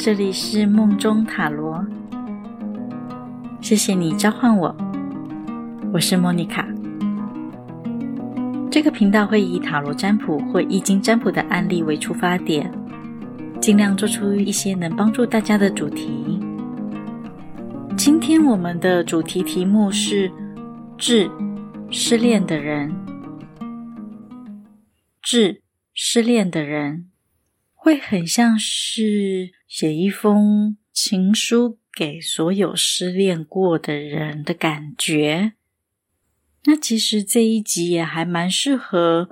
這裡是夢中塔羅，謝謝你召喚我，我是莫妮卡。這個頻道會以塔羅占卜或易經占卜的案例為出發點，儘量做出一些能幫助大家的主題。今天我們的主題題目是：致失戀的人，致失戀的人。會很像是寫一封情書給所有失戀過的人的感覺。那其實這一集也還蠻適合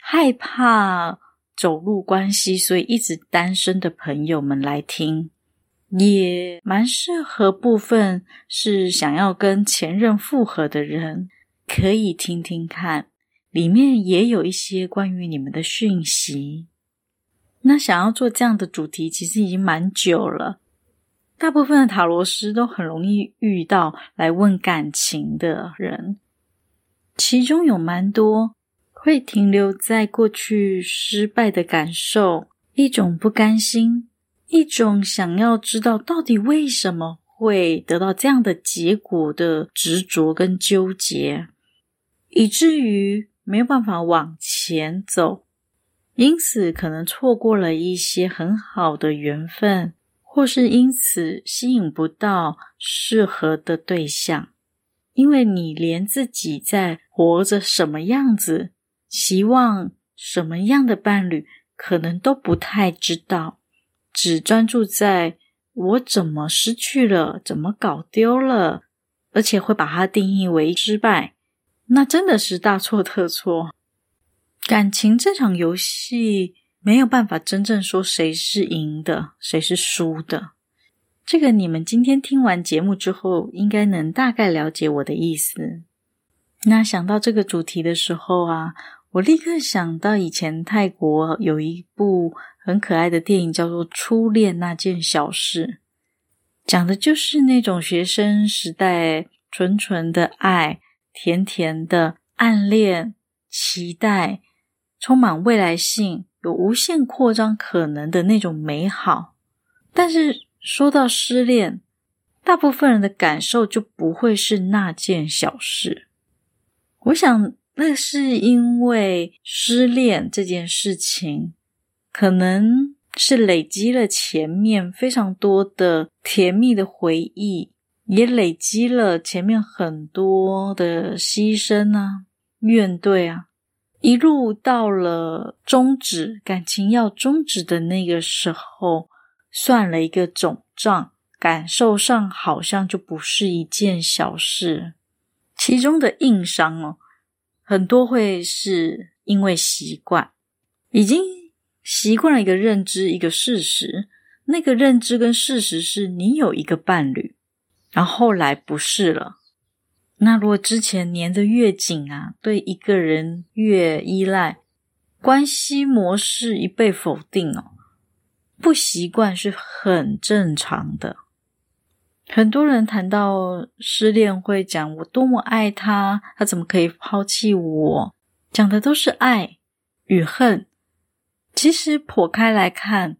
害怕走入關係，所以一直單身的朋友們來聽，也蠻適合部分是想要跟前任復合的人可以聽聽看，裡面也有一些關於你們的訊息。那想要做這樣的主題，其實已經蠻久了。大部分的塔羅師都很容易遇到來問感情的人，其中有蠻多會停留在過去失敗的感受，一種不甘心，一種想要知道到底為什麼會得到這樣的結果的執着跟糾結，以至於沒有辦法往前走。因此，可能錯過了一些很好的緣分，或是因此吸引不到適合的對象。因為你連自己在活着什麼樣子，希望什麼樣的伴侶，可能都不太知道，只專注在我怎麼失去了，怎麼搞丟了，而且會把它定義為失敗，那真的是大錯特錯。感情這場遊戲沒有辦法真正說誰是贏的，誰是輸的。這個你們今天聽完節目之後，應該能大概了解我的意思。那想到這個主題的時候啊，我立刻想到以前泰國有一部很可愛的電影，叫做《初戀那件小事》，講的就是那種學生時代純純的愛、甜甜的暗戀、期待。充滿未來性、有無限擴張可能的那種美好，但是說到失戀，大部分人的感受就不會是那件小事。我想，那是因為失戀這件事情，可能是累積了前面非常多的甜蜜的回憶，也累積了前面很多的犧牲啊、怨懟啊。一路到了終止，感情要終止的那個時候，算了一個總賬，感受上好像就不是一件小事。其中的硬傷哦，很多會是因為習慣，已經習慣了一個認知，一個事實。那個認知跟事實是你有一個伴侶，然後來不是了。那如果之前粘得越緊啊，對一個人越依賴，關係模式一被否定哦，不習慣是很正常的。很多人談到失戀，會講我多麼愛他，他怎麼可以拋棄我？講的都是愛與恨。其實剖開來看，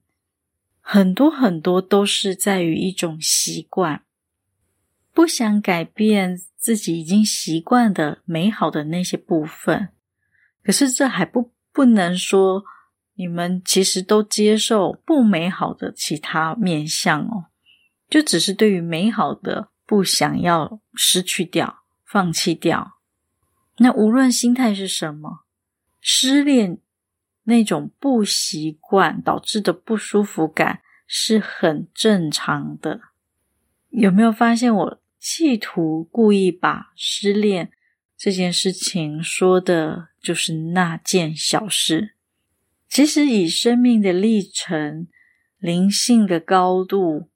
很多很多都是在於一種習慣，不想改變。自己已經習慣的美好的那些部分，可是這還不不能說你們其實都接受不美好的其他面向哦，就只是對於美好的不想要失去掉、放棄掉。那無論心態是什麼，失戀那種不習慣導致的不舒服感是很正常的。有沒有發現我企圖故意把失戀這件事情說的就是那件小事，其實以生命的歷程、靈性的高度、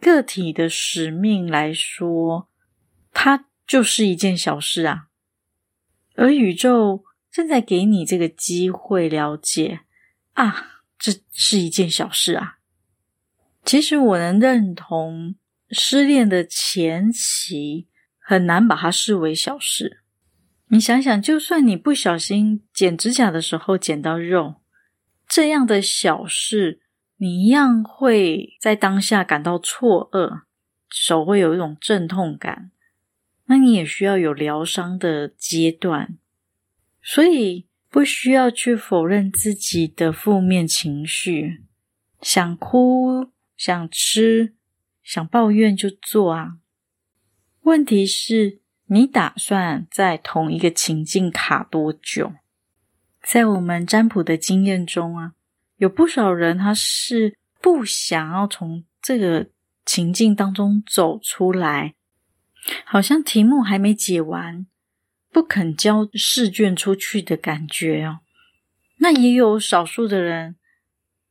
個體的使命來說，它就是一件小事啊。而宇宙正在給你這個機會了解啊，這是一件小事啊。其實我能認同。失戀的前期很難把它視為小事。你想想，就算你不小心剪指甲的時候剪到肉，這樣的小事，你一樣會在當下感到錯愕，手會有一種陣痛感。那你也需要有療傷的階段，所以不需要去否認自己的負面情緒，想哭，想吃。想抱怨就做啊！問題是，你打算在同一個情境卡多久？在我們占卜的經驗中啊，有不少人他是不想要從這個情境當中走出來，好像題目還沒解完，不肯交試卷出去的感覺哦啊。那也有少數的人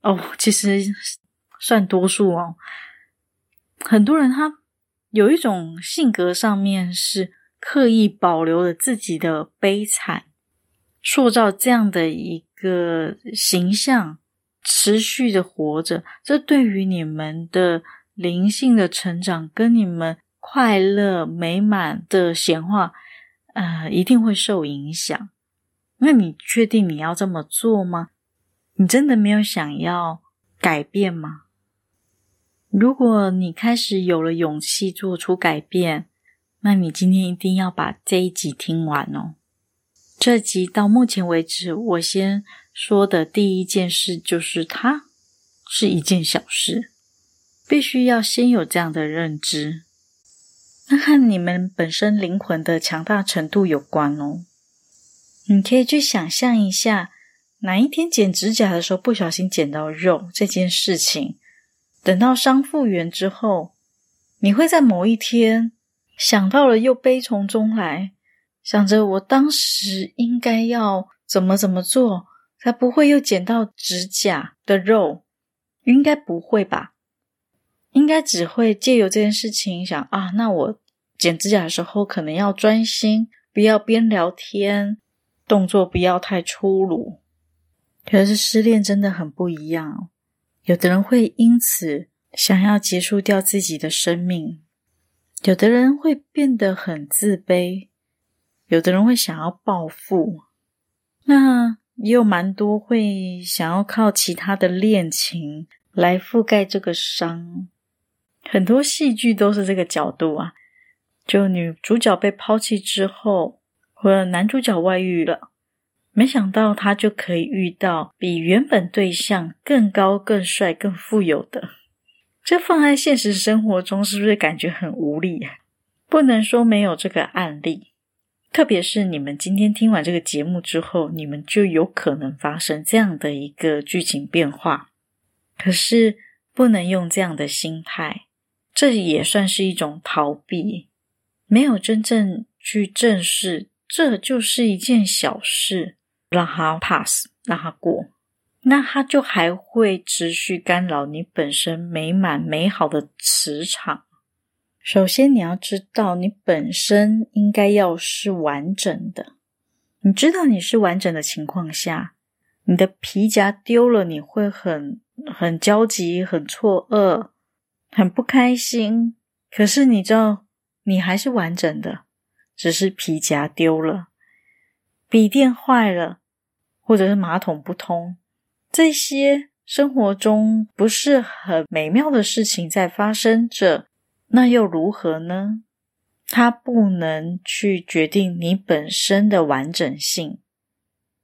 哦，其實算多數哦。很多人他有一種性格上面是刻意保留了自己的悲慘，塑造這樣的一個形象，持續的活着。這對於你們的靈性的成長，跟你們快樂美滿的顯化，呃，一定會受影響。那你確定你要這麼做嗎？你真的沒有想要改變嗎？如果你開始有了勇氣做出改變，那你今天一定要把這一集聽完哦。這集到目前為止，我先說的第一件事就是，它是一件小事，必須要先有這樣的認知。那和你們本身靈魂的強大程度有關哦。你可以去想象一下，哪一天剪指甲的時候不小心剪到肉這件事情。等到傷復原之後，你會在某一天想到了，又悲從中來，想着我當時應該要怎麼怎麼做，才不會又剪到指甲的肉，應該不會吧？應該只會借由這件事情想啊，那我剪指甲的時候可能要專心，不要邊聊天，動作不要太粗魯。可是失戀真的很不一樣。有的人會因此想要結束掉自己的生命，有的人會變得很自卑，有的人會想要報復，那也有蠻多會想要靠其他的戀情來覆蓋這個傷。很多戲劇都是這個角度啊，就女主角被拋棄之後，或者男主角外遇了。沒想到他就可以遇到比原本對象更高、更帥、更富有的。這放在現實生活中，是不是感覺很無力啊？不能說沒有這個案例，特別是你們今天聽完這個節目之後，你們就有可能發生這樣的一個劇情變化。可是不能用這樣的心態，這也算是一種逃避，沒有真正去正視，這就是一件小事。讓他 pass，讓他過，那他就還會持續干擾你本身美滿美好的磁場。首先，你要知道你本身應該要是完整的。你知道你是完整的情況下，你的皮夾丟了，你會很很焦急、很錯愕、很不開心。可是你知道，你還是完整的，只是皮夾丟了。筆電壞了，或者是馬桶不通，這些生活中不是很美妙的事情在發生着，那又如何呢？它不能去決定你本身的完整性。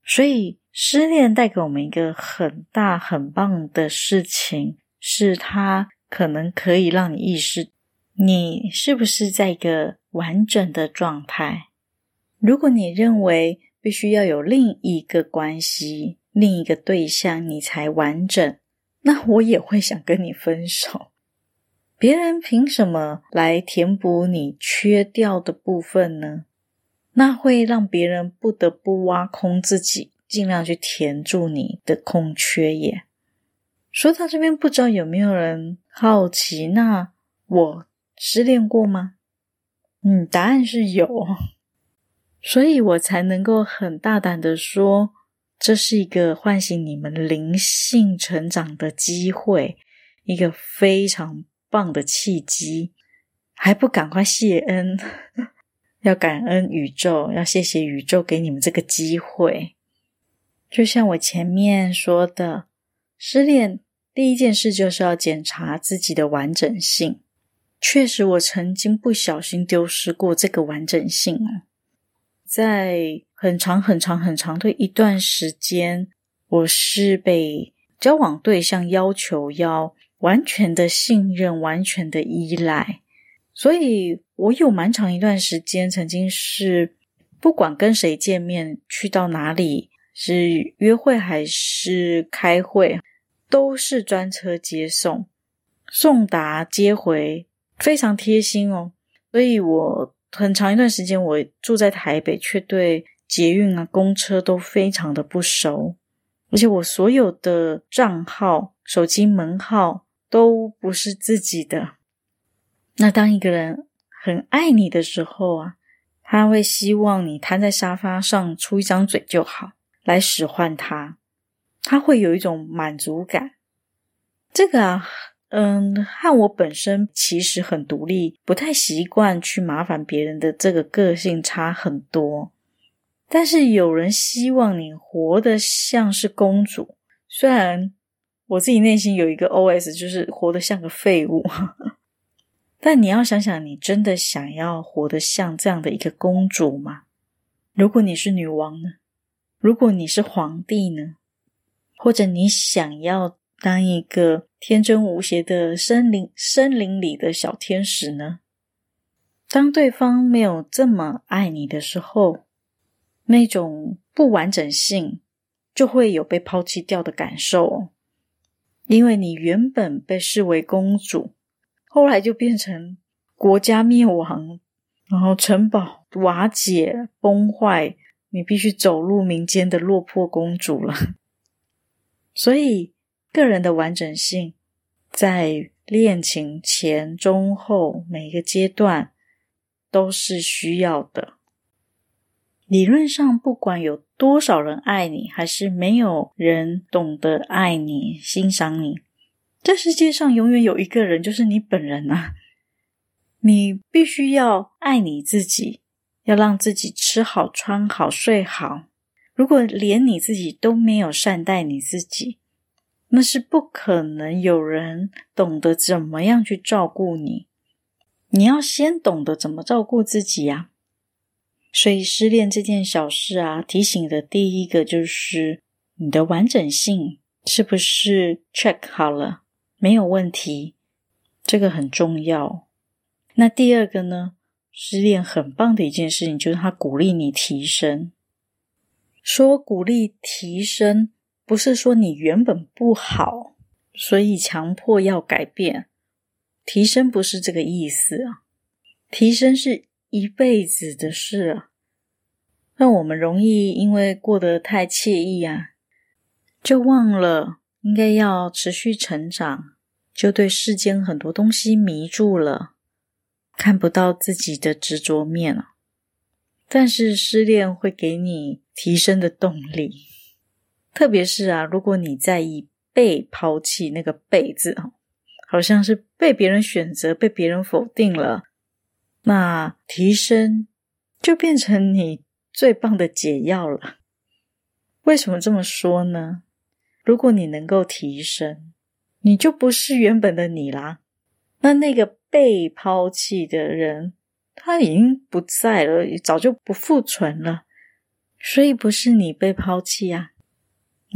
所以，失戀帶給我們一個很大很棒的事情，是它可能可以讓你意識你是不是在一個完整的狀態。如果你認為，必須要有另一個關係、另一個對象，你才完整。那我也會想跟你分手。別人憑什麼來填補你缺掉的部分呢？那會讓別人不得不挖空自己，盡量去填住你的空缺耶。也說到這邊，不知道有沒有人好奇，那我失戀過嗎？嗯，答案是有。所以我才能夠很大膽的說，這是一個喚醒你們靈性成長的機會，一個非常棒的契機，還不趕快謝恩，要感恩宇宙，要謝謝宇宙給你們這個機會。就像我前面說的，失戀第一件事就是要檢查自己的完整性。確實，我曾經不小心丟失過這個完整性，在很長很長很長的一段時間，我是被交往對象要求要完全的信任、完全的依賴，所以我有蠻長一段時間，曾經是不管跟誰見面、去到哪裡，是約會還是開會，都是專車接送、送達接回，非常貼心哦，所以我。很長一段時間，我住在台北，卻對捷運啊、公車都非常的不熟，而且我所有的賬號、手機門號都不是自己的。那當一個人很愛你的時候啊，他會希望你癱在沙發上，出一張嘴就好，來使喚他，他會有一種滿足感。這個啊。嗯，和我本身其實很獨立，不太習慣去麻煩別人的這個個性差很多。但是有人希望你活得像是公主，雖然我自己內心有一個 OS 就是活得像個廢物。呵呵，但你要想想，你真的想要活得像這樣的一個公主嗎？如果你是女王呢？如果你是皇帝呢？或者你想要當一個？天真無邪的森林，森林裡的小天使呢？當對方沒有這麼愛你的時候，那種不完整性就會有被拋棄掉的感受哦。因為你原本被視為公主，後來就變成國家滅亡，然後城堡瓦解崩壞，你必須走入民間的落魄公主了。所以，個人的完整性。在戀情前、中、後每一個階段都是需要的。理論上，不管有多少人愛你，還是沒有人懂得愛你、欣賞你，這世界上永遠有一個人就是你本人啊！你必須要愛你自己，要讓自己吃好、穿好、睡好。如果連你自己都沒有善待你自己，那是不可能有人懂得怎麼樣去照顧你，你要先懂得怎麼照顧自己呀、啊。所以失戀這件小事啊，提醒的第一個就是你的完整性是不是 check 好了，沒有問題，這個很重要。那第二個呢？失戀很棒的一件事情就是他鼓勵你提升，說鼓勵提升。不是說你原本不好，所以強迫要改變、提升，不是這個意思啊。提升是一輩子的事啊，那我們容易因為過得太愜意啊，就忘了應該要持續成長，就對世間很多東西迷住了，看不到自己的執着面。但是失戀會給你提升的動力。特別是啊，如果你在意被拋棄那個「被」字啊，好像是被別人選擇、被別人否定了，那提升就變成你最棒的解藥了。為什麼這麼說呢？如果你能夠提升，你就不是原本的你啦。那那個被拋棄的人，他已經不在了，早就不復存了，所以不是你被拋棄啊。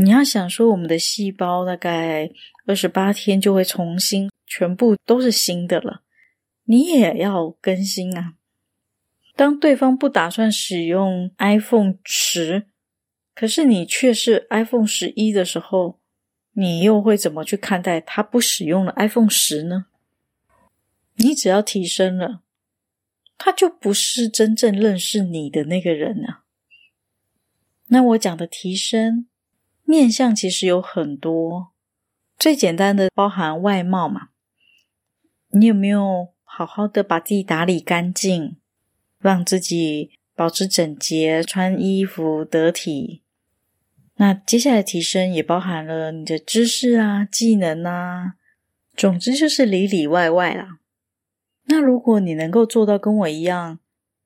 你要想說我們的細胞大概二十八天就會重新全部都是新的了，你也要更新啊。當對方不打算使用 iPhone 十，可是你卻是 iPhone 十一的時候，你又會怎麼去看待他不使用了 iPhone 十呢？你只要提升了，他就不是真正認識你的那個人啊。那我講的提升。面相其實有很多，最簡單的包含外貌嘛，你有沒有好好的把自己打理乾淨，讓自己保持整潔，穿衣服得體？那接下來提升也包含了你的知識啊、技能啊，總之就是裡裡外外啦。那如果你能夠做到跟我一樣，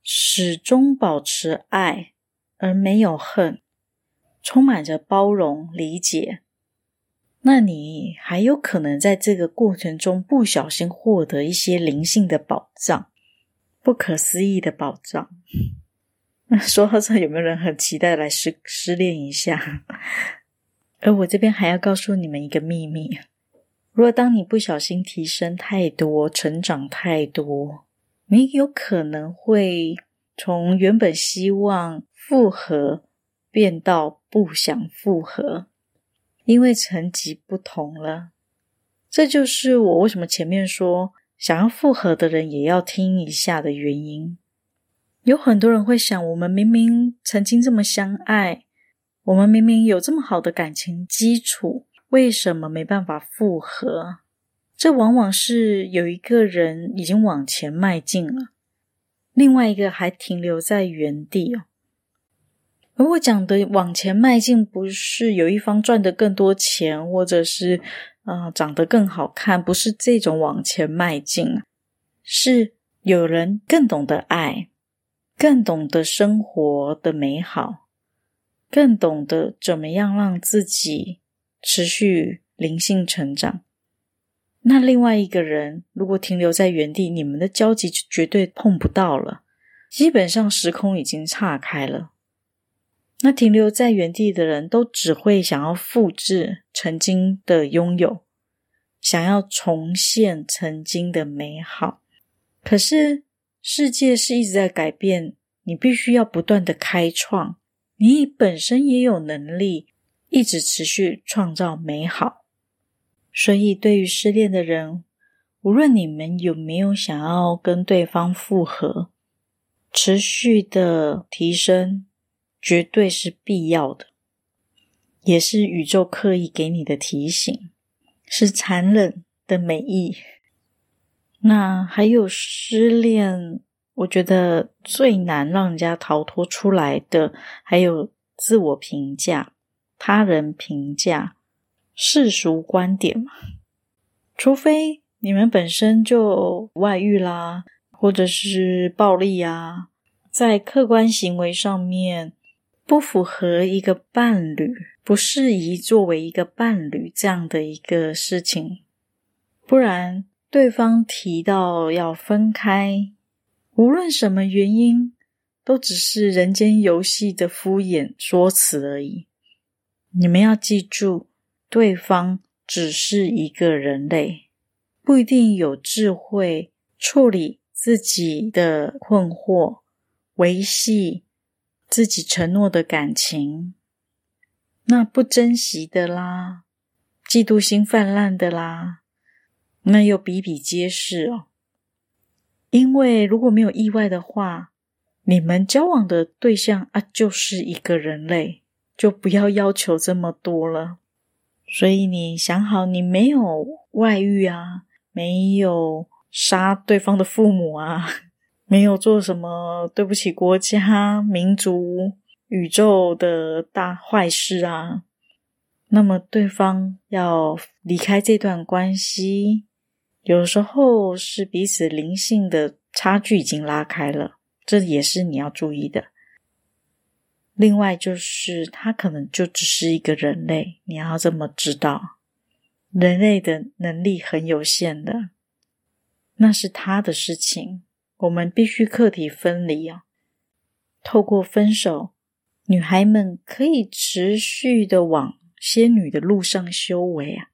始終保持愛而沒有恨。充滿着包容理解，那你還有可能在這個過程中不小心獲得一些靈性的寶藏，不可思議的寶藏。那說到這，有沒有人很期待來失失戀一下？而我這邊還要告訴你們一個秘密：如果當你不小心提升太多、成長太多，你有可能會從原本希望復合。變到不想復合，因為層級不同了。這就是我為什麼前面說想要復合的人也要聽一下的原因。有很多人會想：我們明明曾經這麼相愛，我們明明有這麼好的感情基礎，為什麼沒辦法復合？這往往是有一個人已經往前邁進了，另外一個還停留在原地哦。如果講的往前邁進，不是有一方賺得更多錢，或者是啊、呃、長得更好看，不是這種往前邁進，是有人更懂得愛，更懂得生活的美好，更懂得怎麼樣讓自己持續靈性成長。那另外一個人如果停留在原地，你們的交集就絕對碰不到了，基本上時空已經岔開了。那停留在原地的人都只會想要複製曾經的擁有，想要重現曾經的美好。可是世界是一直在改變，你必須要不斷的開創，你本身也有能力一直持續創造美好。所以，對於失戀的人，無論你們有沒有想要跟對方復合，持續的提升，絕對是必要的，也是宇宙刻意給你的提醒，是殘忍的美意，那還有失戀，我覺得最難讓人家逃脫出來的，還有自我評價、他人評價、世俗觀點嘛。除非你們本身就外遇啦，或者是暴力啊，在客觀行為上面，不符合一個伴侶，不適宜作為一個伴侶這樣的一個事情。不然，對方提到要分開，無論什麼原因，都只是人間遊戲的敷衍說辭而已。你們要記住，對方只是一個人類，不一定有智慧處理自己的困惑，維繫。自己承諾的感情，那不珍惜的啦，嫉妒心泛濫的啦，那又比比皆是哦。因為如果沒有意外的話，你們交往的對象啊，就是一個人類，就不要要求這麼多了。所以你想好，你沒有外遇啊，沒有殺對方的父母啊。沒有做什麼對不起國家、民族、宇宙的大壞事啊。那麼，對方要離開這段關係，有時候是彼此靈性的差距已經拉開了，這也是你要注意的。另外，就是他可能就只是一個人類，你要這麼知道，人類的能力很有限的，那是他的事情。我們必須課題分離啊！透過分手，女孩們可以持續的往仙女的路上修為啊，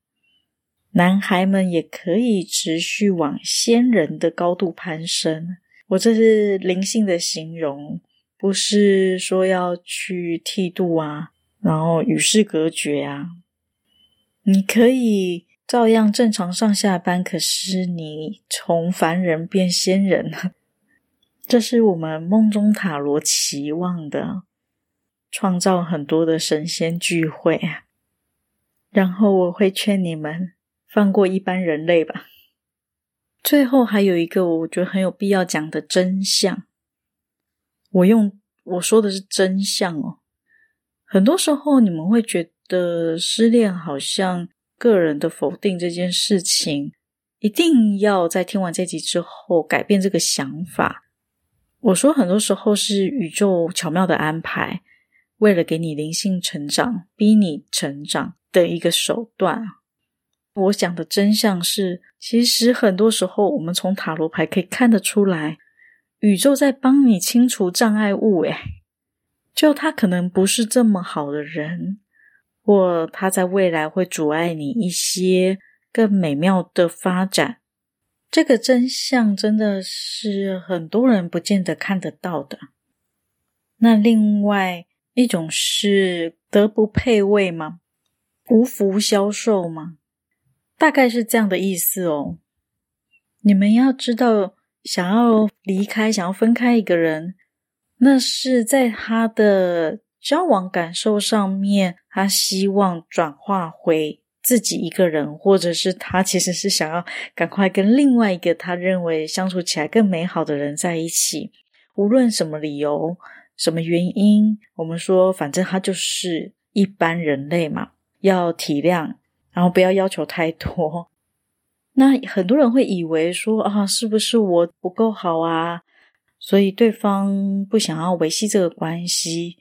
男孩們也可以持續往仙人的高度攀升。我這是靈性的形容，不是說要去剃度啊，然後與世隔絕啊。你可以照樣正常上下班，可是你從凡人變仙人啊。這是我們夢中塔羅期望的，創造很多的神仙聚會。然後我會勸你們放過一般人類吧。最後還有一個我覺得很有必要講的真相，我用我說的是真相哦。很多時候你們會覺得失戀好像個人的否定這件事情，一定要在聽完這集之後改變這個想法。我說，很多時候是宇宙巧妙的安排，為了給你靈性成長、逼你成長的一個手段。我想的真相是，其實很多時候我們從塔羅牌可以看得出來，宇宙在幫你清除障礙物。誒，就他可能不是這麼好的人，或他在未來會阻礙你一些更美妙的發展。這個真相真的是很多人不見得看得到的。那另外一種是德不配位嗎？無福消受嗎？大概是這樣的意思哦。你們要知道，想要離開、想要分開一個人，那是在他的交往感受上面，他希望轉化回。自己一個人，或者是他其實是想要趕快跟另外一個他認為相處起來更美好的人在一起，無論什麼理由，什麼原因，我們說反正他就是一般人類嘛，要體諒，然後不要要求太多。那很多人會以為說，啊，是不是我不夠好啊？所以對方不想要維繫這個關係。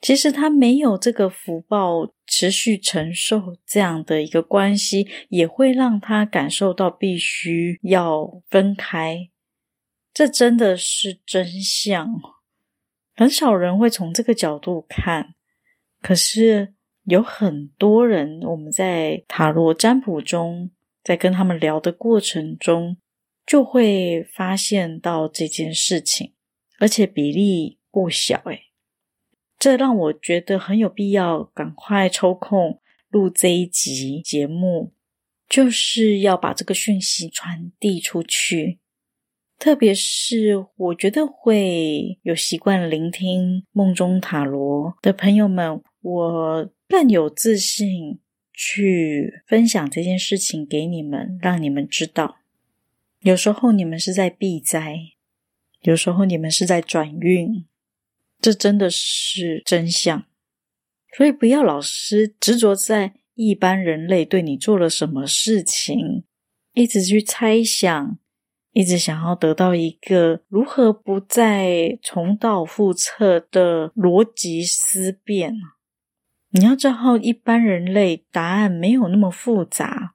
其實他沒有這個福報，持續承受這樣的一個關係，也會讓他感受到必須要分開。這真的是真相，很少人會從這個角度看。可是有很多人，我們在塔羅占卜中，在跟他們聊的過程中，就會發現到這件事情，而且比例不小誒。誒這讓我覺得很有必要趕快抽空錄這一集節目，就是要把這個訊息傳遞出去。特別是我覺得會有習慣聆聽夢中塔羅的朋友們，我更有自信去分享這件事情給你們，讓你們知道，有時候你們是在避災，有時候你們是在轉運。這真的是真相，所以不要老是執着在一般人類對你做了什麼事情，一直去猜想，一直想要得到一個如何不再重蹈覆轍的邏輯思辨。你要知道，一般人類答案沒有那麼複雜，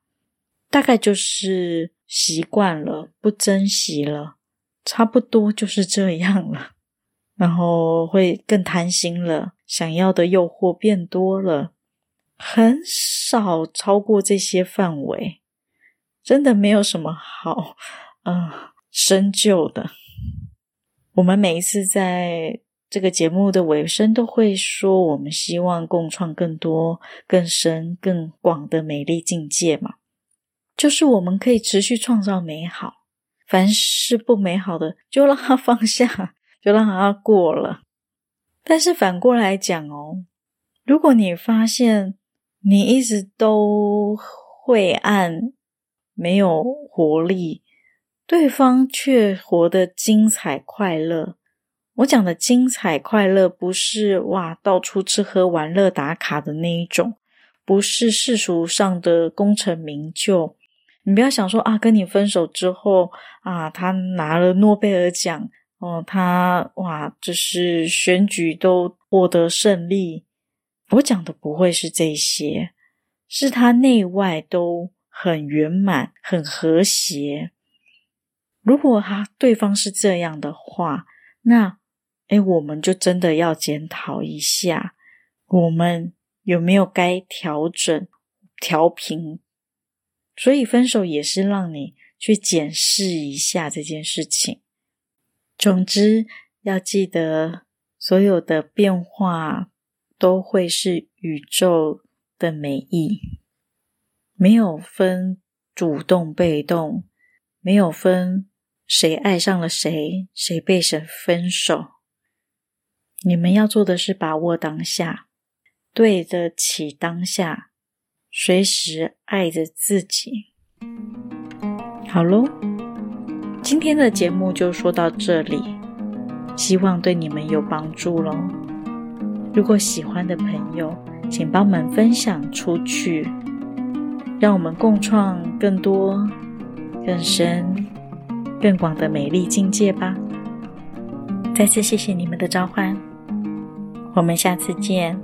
大概就是習慣了，不珍惜了，差不多就是這樣了。然後會更貪心了，想要的誘惑變多了，很少超過這些範圍，真的沒有什麼好嗯、呃、深究的。我們每一次在這個節目的尾聲都會說，我們希望共創更多更深更廣的美麗境界嘛，就是我們可以持續創造美好，凡是不美好的就讓它放下。就讓他過了，但是反過來講哦，如果你發現你一直都晦暗、沒有活力，對方卻活得精彩快樂，我講的精彩快樂，不是哇到處吃喝玩樂打卡的那一種，不是世俗上的功成名就，你不要想說啊，跟你分手之後啊，他拿了諾貝爾獎。哦，他哇，就是選舉都獲得勝利。我講的不會是這些，是他內外都很圓滿、很和諧。如果他對方是這樣的話，那誒我們就真的要檢討一下，我們有沒有該調整、調平。所以分手也是讓你去檢視一下這件事情。總之，要記得，所有的變化都會是宇宙的美意，沒有分主動被動，沒有分誰愛上了誰，誰被誰分手。你們要做的是把握當下，對得起當下，隨時愛着自己。好嘍。今天的節目就說到這裡，希望對你們有幫助嘍。如果喜歡的朋友，請幫忙分享出去，讓我們共創更多、更深、更廣的美麗境界吧。再次謝謝你們的召喚，我們下次見。